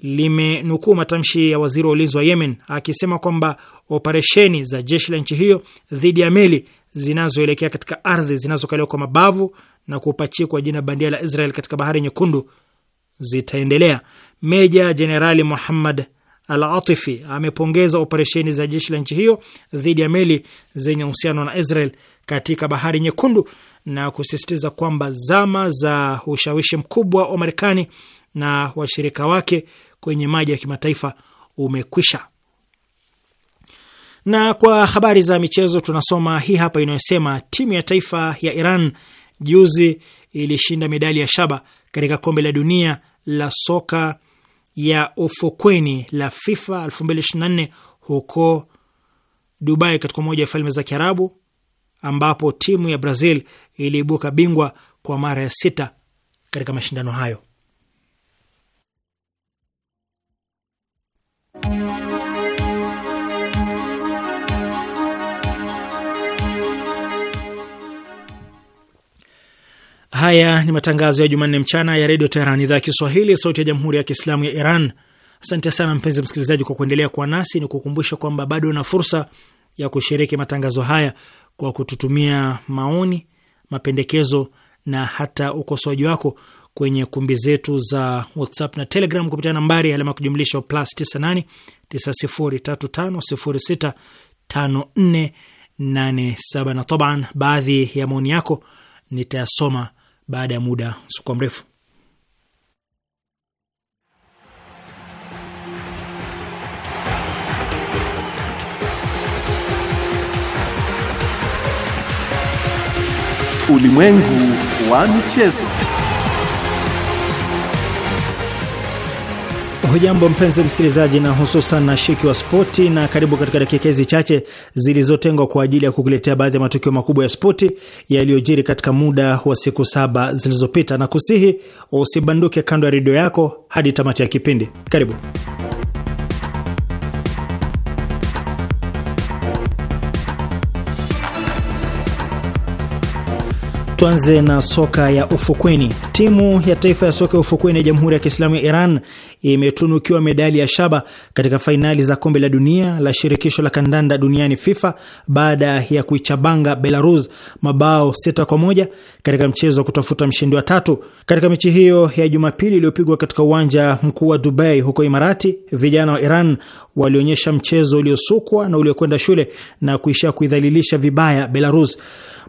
limenukuu matamshi ya waziri wa ulinzi wa Yemen akisema kwamba operesheni za jeshi la nchi hiyo dhidi ya meli zinazoelekea katika ardhi zinazokaliwa kwa mabavu na kupachikwa jina bandia la Israel katika bahari nyekundu zitaendelea. Meja Jenerali Muhammad Alatifi amepongeza operesheni za jeshi la nchi hiyo dhidi ya meli zenye uhusiano na Israel katika bahari nyekundu na kusisitiza kwamba zama za ushawishi mkubwa wa Marekani na washirika wake kwenye maji ya kimataifa umekwisha. Na kwa habari za michezo tunasoma hii hapa inayosema timu ya taifa ya Iran juzi ilishinda medali ya shaba katika kombe la dunia la soka ya ufukweni la FIFA 2024 huko Dubai katika Umoja wa Falme za Kiarabu, ambapo timu ya Brazil iliibuka bingwa kwa mara ya sita katika mashindano hayo. Haya ni matangazo ya Jumanne mchana ya Redio Teheran, idhaa ya Kiswahili, sauti ya Jamhuri ya Kiislamu ya Iran. Asante sana mpenzi msikilizaji kwa kuendelea kuwa nasi. Ni kukumbusha kwamba bado una fursa ya kushiriki matangazo haya kwa kututumia maoni, mapendekezo na hata ukosoaji wako kwenye kumbi zetu za WhatsApp na Telegram kupitia nambari alama ya kujumlisha plus 98 na toban, baadhi ya maoni yako nitayasoma baada ya muda sikuwa mrefu. Ulimwengu wa michezo. Hujambo mpenzi msikilizaji, na hususan na shiki wa spoti, na karibu katika dakika hizi chache zilizotengwa kwa ajili ya kukuletea baadhi ya matukio makubwa ya spoti yaliyojiri katika muda wa siku saba zilizopita, na kusihi usibanduke kando ya redio yako hadi tamati ya kipindi. Karibu. Tuanze na soka ya ufukweni. Timu ya taifa ya soka ya ufukweni ya Jamhuri ya Kiislamu ya Iran imetunukiwa medali ya shaba katika fainali za kombe la dunia la shirikisho la kandanda duniani FIFA baada ya kuichabanga Belarus mabao sita kwa moja katika mchezo wa kutafuta mshindi wa tatu. Katika mechi hiyo ya Jumapili iliyopigwa katika uwanja mkuu wa Dubai huko Imarati, vijana wa Iran walionyesha mchezo uliosukwa na uliokwenda shule na kuishia kuidhalilisha vibaya Belarus.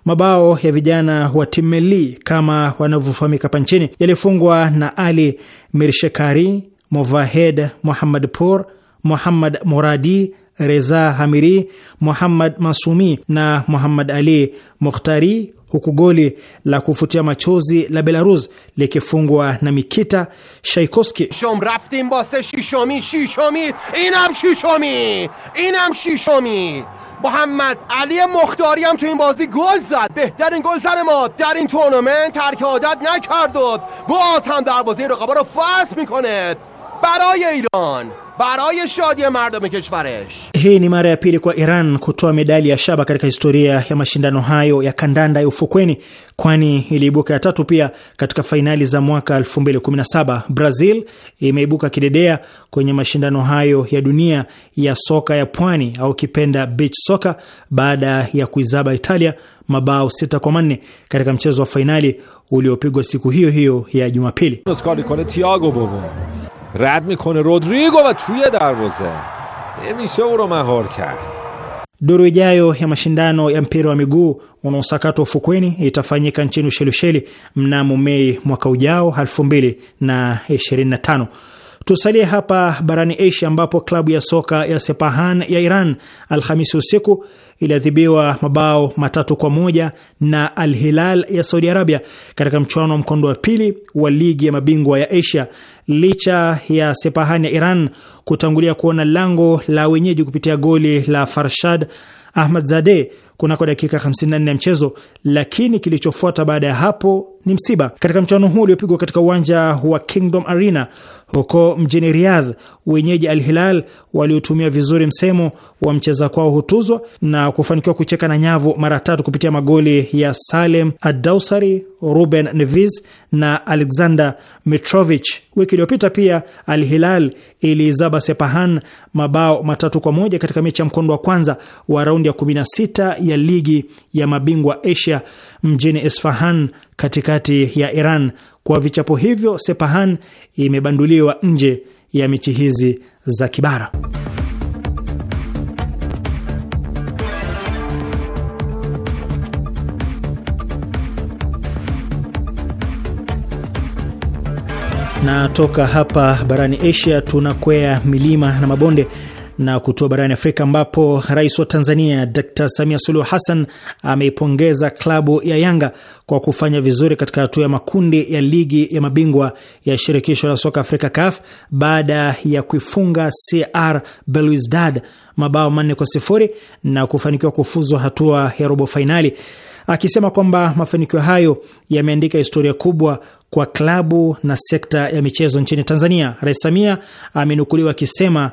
Mabao ya vijana wa Timeli kama wanavyofahamika hapa nchini yalifungwa na Ali Mirshekari, Movahed muhamad Por, muhamad Moradi, Reza Hamiri, muhamad Masumi na muhamad Ali Mokhtari, huku goli la kufutia machozi la Belarus likifungwa na Mikita Shaikoski. shom raftim base shishomi shishomi inam shishomi inam shishomi محمد علی مختاری هم تو این بازی گل زد بهترین گلزن ما در این تورنمنت ترک عادت نکرد و باز هم دروازه رقبا رو فصل میکنه برای ایران برای شادی مردم کشورش. Hii ni mara ya pili kwa Iran kutoa medali ya shaba katika historia ya mashindano hayo ya kandanda ya ufukweni, kwani iliibuka ya tatu pia katika fainali za mwaka 2017. Brazil imeibuka kidedea kwenye mashindano hayo ya dunia ya soka ya pwani au kipenda beach soccer baada ya kuizaba Italia mabao sita kwa manne katika mchezo wa fainali uliopigwa siku hiyo hiyo ya Jumapili. رد میکنه رودریگو و توی دروازه نمیشه او رو مهار کرد Duru ijayo ya mashindano ya mpira wa miguu unaosakatwa ufukweni itafanyika nchini Ushelisheli mnamo Mei mwaka ujao 2025. Tusalie hapa barani Asia ambapo klabu ya soka ya Sepahan ya Iran Alhamisi usiku iliadhibiwa mabao matatu kwa moja na Al Hilal ya Saudi Arabia katika mchuano wa mkondo wa pili wa ligi ya mabingwa ya Asia. Licha ya Sepahani ya Iran kutangulia kuona lango la wenyeji kupitia goli la Farshad Ahmad Zade kunako dakika 54 ya mchezo, lakini kilichofuata baada ya hapo ni msiba. Katika mchuano huu uliopigwa katika uwanja wa Kingdom Arena huko mjini Riyadh, wenyeji Al Hilal waliotumia vizuri msemo wa mcheza kwao hutuzwa na kufanikiwa kucheka na nyavu mara tatu kupitia magoli ya Salem adausari Ruben Neves na Alexander mitrovich Wiki iliyopita pia Al Hilal ilizaba Sepahan mabao matatu kwa moja katika mechi ya mkondo wa kwanza wa raundi ya 16 ya ligi ya mabingwa Asia mjini Isfahan katikati ya Iran. Kwa vichapo hivyo, Sepahan imebanduliwa nje ya michi hizi za kibara. Na toka hapa barani Asia tunakwea milima na mabonde na kutua barani Afrika, ambapo rais wa Tanzania Dr Samia Suluhu Hassan ameipongeza klabu ya Yanga kwa kufanya vizuri katika hatua ya makundi ya ligi ya mabingwa ya shirikisho la soka Afrika CAF baada ya kuifunga CR Belouizdad mabao manne kwa sifuri na kufanikiwa kufuzwa hatua ya robo fainali, akisema kwamba mafanikio hayo yameandika historia kubwa kwa klabu na sekta ya michezo nchini Tanzania. Rais Samia amenukuliwa akisema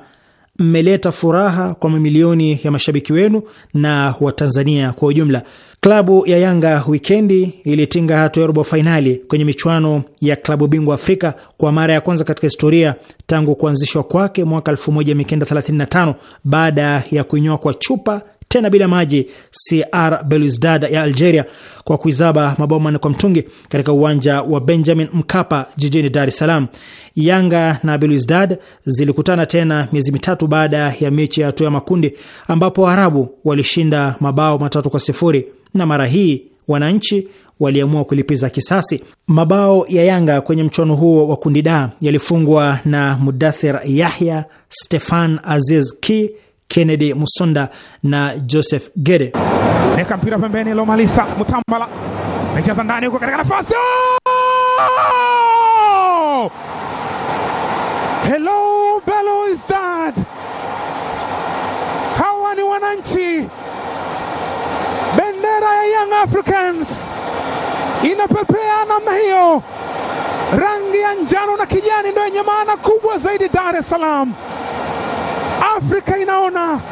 mmeleta furaha kwa mamilioni ya mashabiki wenu na Watanzania kwa ujumla. Klabu ya Yanga wikendi ilitinga hatua ya robo fainali kwenye michuano ya klabu bingwa Afrika kwa mara ya kwanza katika historia tangu kuanzishwa kwake mwaka 1935 baada ya kuinywa kwa chupa tena bila maji CR Belouizdad ya Algeria kwa kuizaba mabao manne kwa mtungi katika uwanja wa Benjamin Mkapa jijini Dar es Salaam. Yanga na Belouizdad zilikutana tena miezi mitatu baada ya mechi ya hatua ya makundi ambapo Waarabu walishinda mabao matatu kwa sifuri na mara hii wananchi waliamua kulipiza kisasi. Mabao ya Yanga kwenye mchuano huo wa kundi da yalifungwa na Mudathir Yahya, Stefan Aziz Ki Kennedy Musonda na Joseph Gede. Neka mpira pembeni, Lomalisa Mutambala mecheza ndani huko katika nafasi oh! Hello, Bello is dead. Hawa ni wananchi, bendera ya Young Africans inapepea namna hiyo. Rangi ya njano na kijani ndio yenye maana kubwa zaidi Dar es Salaam. Afrika inaona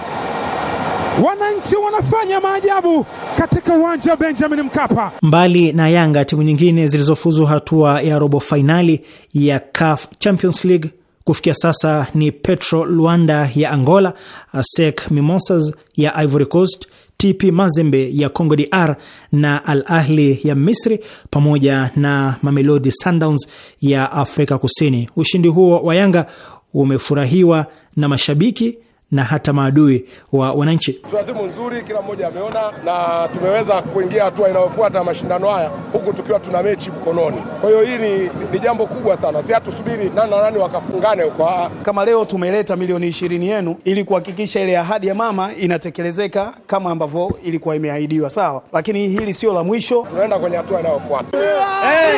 wananchi wanafanya maajabu katika uwanja wa Benjamin Mkapa. Mbali na Yanga, timu nyingine zilizofuzu hatua ya robo fainali ya CAF Champions League kufikia sasa ni Petro Luanda ya Angola, ASEC Mimosas ya Ivory Coast, TP Mazembe ya Congo DR na Al Ahli ya Misri pamoja na Mamelodi Sundowns ya Afrika Kusini. Ushindi huo wa Yanga umefurahiwa na mashabiki na hata maadui wa wananchi. Tunazimu nzuri, kila mmoja ameona, na tumeweza kuingia hatua inayofuata mashindano haya huku tukiwa tuna mechi mkononi. Kwa hiyo hii ni, ni jambo kubwa sana, si hatusubiri nani na nani wakafungane huko. Kama leo tumeleta milioni ishirini yenu ili kuhakikisha ile ahadi ya mama inatekelezeka kama ambavyo ilikuwa imeahidiwa, sawa, lakini hili sio la mwisho, tunaenda kwenye hatua inayofuata. Eh!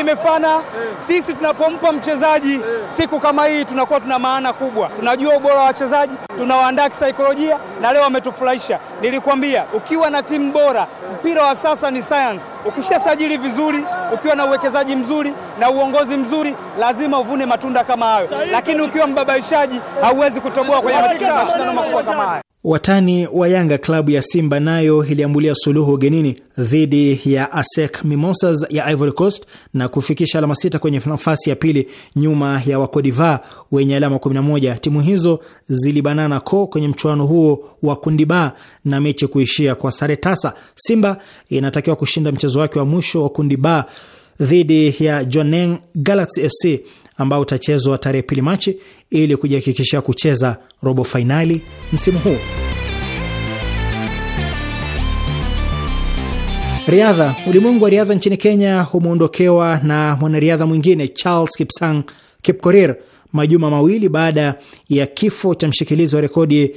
imefana eh! sisi tunapompa mchezaji eh! siku kama hii tunakuwa tuna maana kubwa. Tunajua ubora wa wachezaji, tunawaandaa kisaikolojia, na leo wametufurahisha. Nilikwambia ukiwa na timu bora, mpira wa sasa ni science. Ukishasajili vizuri, ukiwa na uwekezaji mzuri na uongozi mzuri, lazima uvune matunda kama hayo, lakini ukiwa mbabaishaji, hauwezi kutoboa kwenye mashindano makubwa kama haya. Watani wa Yanga, klabu ya Simba nayo iliambulia suluhu ugenini dhidi ya ASEC Mimosas ya Ivory Coast na kufikisha alama sita kwenye nafasi ya pili nyuma ya Wakodiva wenye alama 11. Timu hizo zilibanana ko kwenye mchuano huo wa kundi ba na mechi kuishia kwa sare tasa. Simba inatakiwa kushinda mchezo wake wa mwisho wa kundi ba dhidi ya Joneng Galaxy FC ambao utachezwa tarehe pili Machi ili kujihakikishia kucheza robo fainali msimu huu. Riadha. Ulimwengu wa riadha nchini Kenya umeondokewa na mwanariadha mwingine Charles Kipsang Kipkorir majuma mawili baada ya kifo cha mshikilizi wa rekodi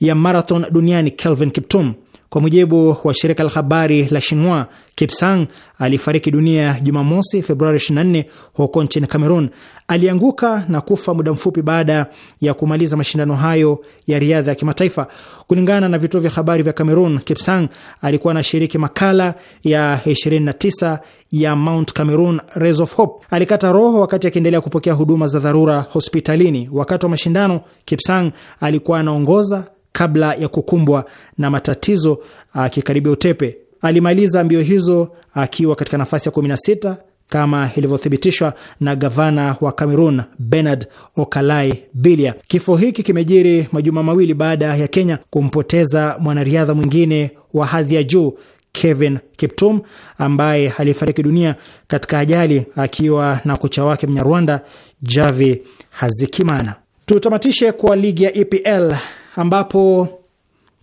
ya marathon duniani Kelvin Kiptum. Kwa mujibu wa shirika la habari la Shinwa, Kipsang alifariki dunia Jumamosi, Februari 24 huko nchini Cameroon. Alianguka na kufa muda mfupi baada ya kumaliza mashindano hayo ya riadha ya kimataifa. Kulingana na vituo vya habari vya Cameroon, Kipsang alikuwa anashiriki makala ya 29 ya Mount Cameroon Race of Hope. Alikata roho wakati akiendelea kupokea huduma za dharura hospitalini. Wakati wa mashindano, Kipsang alikuwa anaongoza kabla ya kukumbwa na matatizo akikaribia uh, utepe. Alimaliza mbio hizo akiwa katika nafasi ya 16 kama ilivyothibitishwa na gavana wa Cameroon Bernard Okalai Bilia. Kifo hiki kimejiri majuma mawili baada ya Kenya kumpoteza mwanariadha mwingine wa hadhi ya juu Kevin Kiptum ambaye alifariki dunia katika ajali akiwa na kocha wake Mnyarwanda Javi Hazikimana. Tutamatishe kwa ligi ya EPL ambapo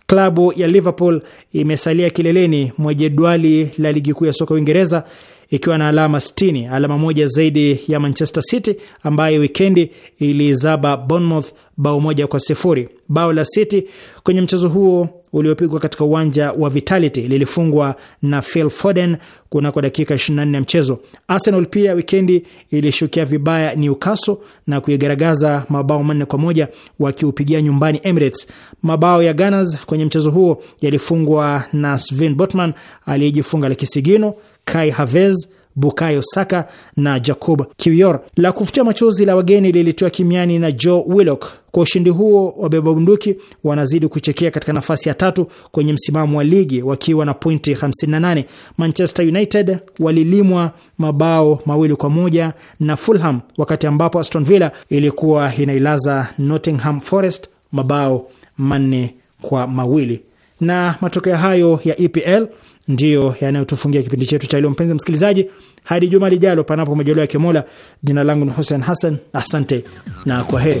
klabu ya Liverpool imesalia kileleni mwa jedwali la ligi kuu ya soka Uingereza ikiwa na alama 60, alama moja zaidi ya Manchester City ambayo wikendi ilizaba Bournemouth bao moja kwa sifuri. Bao la City kwenye mchezo huo uliopigwa katika uwanja wa Vitality lilifungwa na Phil Foden kunako dakika 24 ya mchezo. Arsenal pia wikendi ilishukia vibaya Newcastle na kuigaragaza mabao manne kwa moja wakiupigia nyumbani Emirates. Mabao ya Gunners kwenye mchezo huo yalifungwa na Sven Botman aliyejifunga la kisigino, Kai Havertz Bukayo Saka na Jacob Kiwior. La kufutia machozi la wageni lilitoa kimiani na Joe Willock. Kwa ushindi huo, wabeba bunduki wanazidi kuchekea katika nafasi ya tatu kwenye msimamo wa ligi wakiwa na pointi 58. Manchester United walilimwa mabao mawili kwa moja na Fulham, wakati ambapo Aston Villa ilikuwa inailaza Nottingham Forest mabao manne kwa mawili na matokeo hayo ya EPL ndiyo yanayotufungia kipindi chetu cha leo, mpenzi msikilizaji, hadi juma lijalo, panapo majaliwa ya kemola Jina langu ni Hussein Hassan, asante na kwa heri.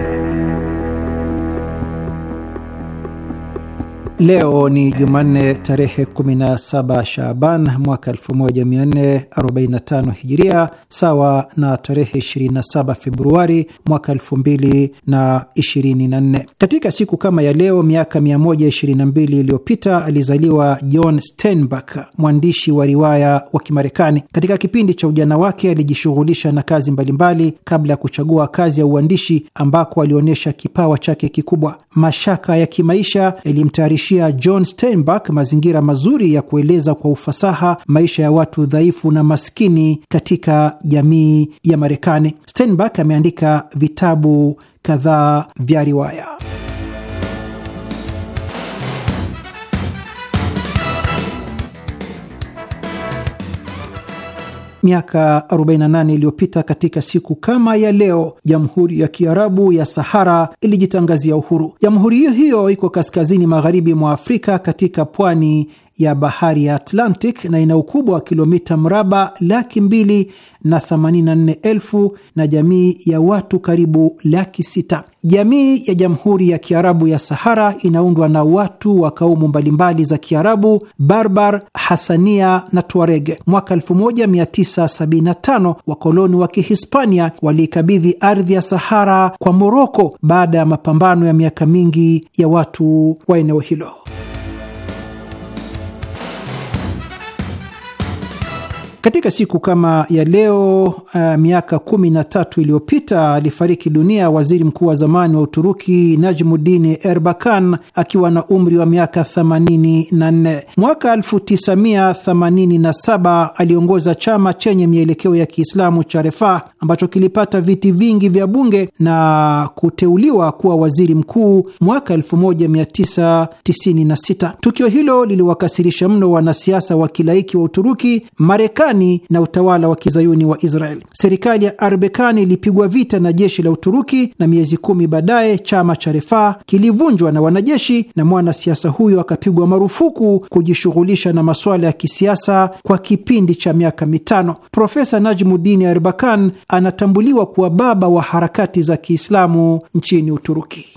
Leo ni Jumanne tarehe 17 Shaban mwaka 1445 Hijiria, sawa na tarehe 27 Februari mwaka 2024. Katika siku kama ya leo miaka 122 iliyopita alizaliwa John Steinbeck, mwandishi wa riwaya wa Kimarekani. Katika kipindi cha ujana wake alijishughulisha na kazi mbalimbali kabla ya kuchagua kazi ya uandishi, ambako alionyesha kipawa chake kikubwa. Mashaka ya kimaisha yalimtayarisha alimrejeshea John Steinbeck mazingira mazuri ya kueleza kwa ufasaha maisha ya watu dhaifu na maskini katika jamii ya Marekani. Steinbeck ameandika vitabu kadhaa vya riwaya. Miaka 48 iliyopita katika siku kama ya leo, jamhuri ya Kiarabu ya Sahara ilijitangazia uhuru. Jamhuri hiyo hiyo iko kaskazini magharibi mwa Afrika katika pwani ya bahari ya Atlantic na ina ukubwa wa kilomita mraba laki mbili na themanini na nne elfu na jamii ya watu karibu laki sita. Jamii ya Jamhuri ya Kiarabu ya Sahara inaundwa na watu wa kaumu mbalimbali za Kiarabu, Barbar, Hasania na Tuareg. Mwaka 1975 wakoloni wa Kihispania waliikabidhi ardhi ya Sahara kwa Moroko baada ya mapambano ya miaka mingi ya watu wa eneo hilo. Katika siku kama ya leo uh, miaka kumi na tatu iliyopita alifariki dunia waziri mkuu wa zamani wa Uturuki Najmudin Erbakan akiwa na umri wa miaka 84. Mwaka 1987 aliongoza chama chenye mielekeo ya Kiislamu cha Refah ambacho kilipata viti vingi vya bunge na kuteuliwa kuwa waziri mkuu mwaka 1996. Tukio hilo liliwakasirisha mno wanasiasa wa kilaiki wa Uturuki, Marekani Marekani na utawala wa kizayuni wa Israel. Serikali ya Arbekani ilipigwa vita na jeshi la Uturuki, na miezi kumi baadaye chama cha Refaa kilivunjwa na wanajeshi na mwanasiasa huyo akapigwa marufuku kujishughulisha na masuala ya kisiasa kwa kipindi cha miaka mitano. Profesa Najmudini Arbakan anatambuliwa kuwa baba wa harakati za Kiislamu nchini Uturuki.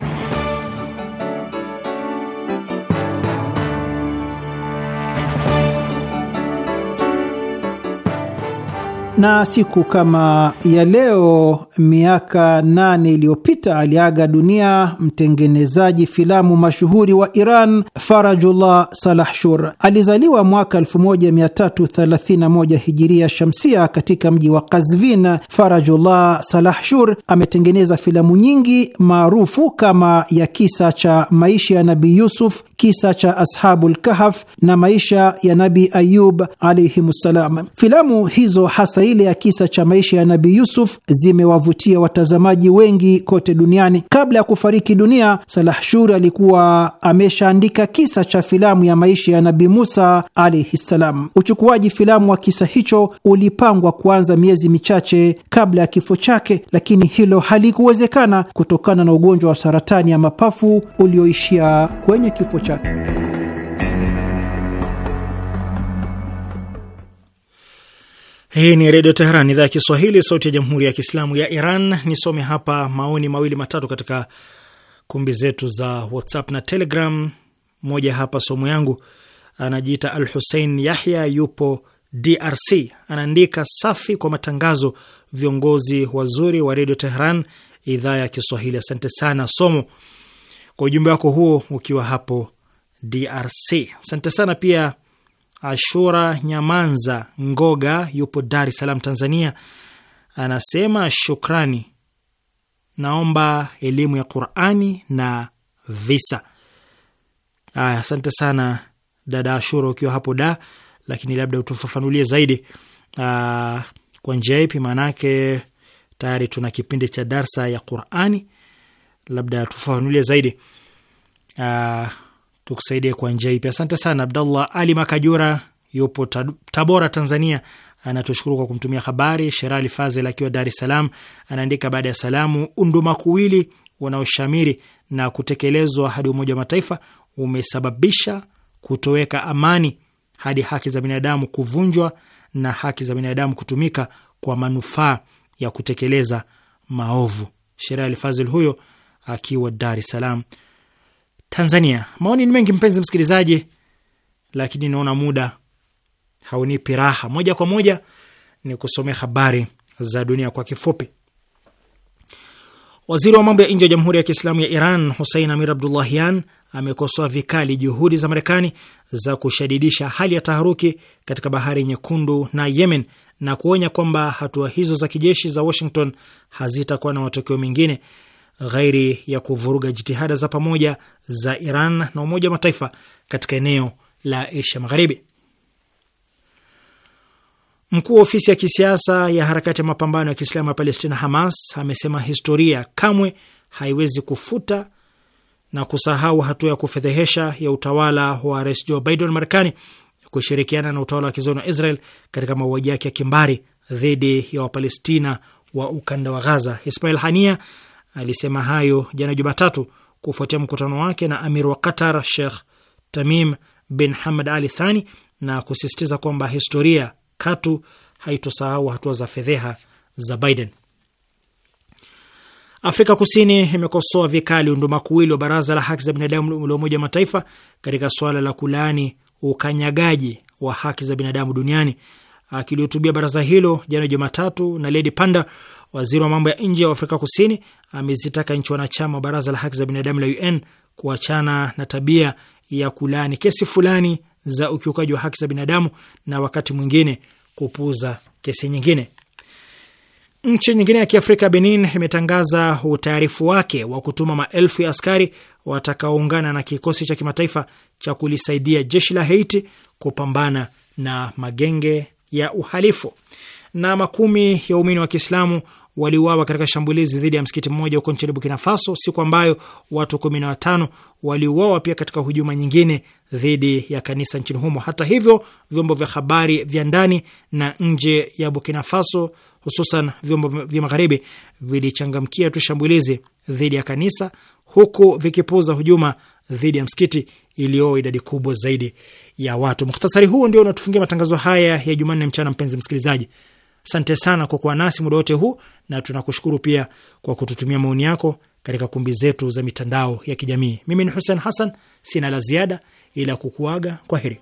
na siku kama ya leo miaka nane iliyopita aliaga dunia mtengenezaji filamu mashuhuri wa Iran Farajullah Salahshur. Alizaliwa mwaka 1331 hijiria shamsia katika mji wa Kazvin. Farajullah Salahshur ametengeneza filamu nyingi maarufu kama ya kisa cha maisha ya Nabi Yusuf, kisa cha Ashabul Kahf na maisha ya Nabi Ayub alaihimussalam. Filamu hizo hasa ile ya kisa cha maisha ya Nabii Yusuf zimewavutia watazamaji wengi kote duniani. Kabla ya kufariki dunia, salah Shur alikuwa ameshaandika kisa cha filamu ya maisha ya Nabii Musa alaihi ssalam. Uchukuaji filamu wa kisa hicho ulipangwa kuanza miezi michache kabla ya kifo chake, lakini hilo halikuwezekana kutokana na ugonjwa wa saratani ya mapafu ulioishia kwenye kifo chake. Hii ni Redio Teheran, idhaa ya Kiswahili, sauti ya Jamhuri ya Kiislamu ya Iran. Nisome hapa maoni mawili matatu katika kumbi zetu za WhatsApp na Telegram. Moja hapa somo yangu anajiita Al Husein Yahya, yupo DRC, anaandika safi kwa matangazo, viongozi wazuri wa Redio Teheran, idhaa ya Kiswahili. Asante sana somo kwa ujumbe wako huo ukiwa hapo DRC. Asante sana pia Ashura Nyamanza Ngoga yupo Dar es Salaam, Tanzania, anasema shukrani, naomba elimu ya Qurani na visa. Aya, asante sana dada Ashura ukiwa hapo Da, lakini labda utufafanulie zaidi kwa njia ipi? Maanake tayari tuna kipindi cha darsa ya Qurani, labda tufafanulie zaidi aa, tukusaidie kwa njia ipi? Asante sana Abdallah Ali Makajura yupo Tabora, Tanzania, anatushukuru kwa kumtumia habari. Sherali Fazel akiwa Dar es Salaam anaandika, baada ya salamu, undumakuwili unaoshamiri na kutekelezwa hadi Umoja wa Mataifa umesababisha kutoweka amani hadi haki za binadamu kuvunjwa na haki za binadamu kutumika kwa manufaa ya kutekeleza maovu. Sherali Fazel huyo akiwa Dar es Salaam Tanzania. Maoni ni mengi mpenzi msikilizaji, lakini naona muda haunipi raha. Moja kwa moja ni kusomea habari za dunia kwa kifupi. Waziri wa mambo ya nje wa Jamhuri ya Kiislamu ya Iran Hussein Amir Abdullahian amekosoa vikali juhudi za Marekani za kushadidisha hali ya taharuki katika Bahari Nyekundu na Yemen na kuonya kwamba hatua hizo za kijeshi za Washington hazitakuwa na matokeo mengine ghairi ya kuvuruga jitihada za pamoja za Iran na Umoja wa Mataifa katika eneo la Asia Magharibi. Mkuu wa ofisi ya kisiasa ya harakati ya mapambano ya Kiislamu ya Palestina, Hamas, amesema historia kamwe haiwezi kufuta na kusahau hatua ya kufedhehesha ya utawala wa Rais Joe Biden Marekani kushirikiana na utawala wa kizoni wa Israel katika mauaji yake ya kimbari dhidi ya Wapalestina wa ukanda wa Gaza. Ismail Hania Alisema hayo jana Jumatatu kufuatia mkutano wake na amir wa Qatar Sheikh Tamim bin Hamad Ali Thani na kusisitiza kwamba historia katu haitosahau hatua za fedheha za Biden. Afrika Kusini imekosoa vikali undumakuwili wa Baraza la Haki za Binadamu la Umoja wa Mataifa katika suala la kulaani ukanyagaji wa haki za binadamu duniani. Akilihutubia baraza hilo jana Jumatatu, na Ledi Panda, Waziri wa mambo ya nje wa Afrika Kusini amezitaka nchi wanachama wa Baraza la Haki za Binadamu la UN kuachana na tabia ya kulaani kesi fulani za ukiukaji wa haki za binadamu na wakati mwingine kupuuza kesi nyingine. Nchi nyingine ya Kiafrika, Benin, imetangaza utaarifu wake wa kutuma maelfu ya askari watakaoungana na kikosi cha kimataifa cha kulisaidia jeshi la Haiti kupambana na magenge ya uhalifu. Na makumi ya waumini wa Kiislamu waliuawa katika shambulizi dhidi ya msikiti mmoja huko nchini Burkina Faso, siku ambayo watu kumi na watano waliuawa pia katika hujuma nyingine dhidi ya kanisa nchini humo. Hata hivyo, vyombo vya habari vya ndani na nje ya Burkina Faso, hususan vyombo vya magharibi, vilichangamkia tu shambulizi dhidi ya kanisa huku vikipuuza hujuma dhidi ya msikiti iliyoo idadi kubwa zaidi ya watu. Mukhtasari huu ndio unatufungia matangazo haya ya Jumanne mchana. Mpenzi msikilizaji Sante sana kwa kuwa nasi muda wote huu, na tunakushukuru pia kwa kututumia maoni yako katika kumbi zetu za mitandao ya kijamii. Mimi ni Hussein Hassan, sina la ziada ila kukuaga. Kwa heri.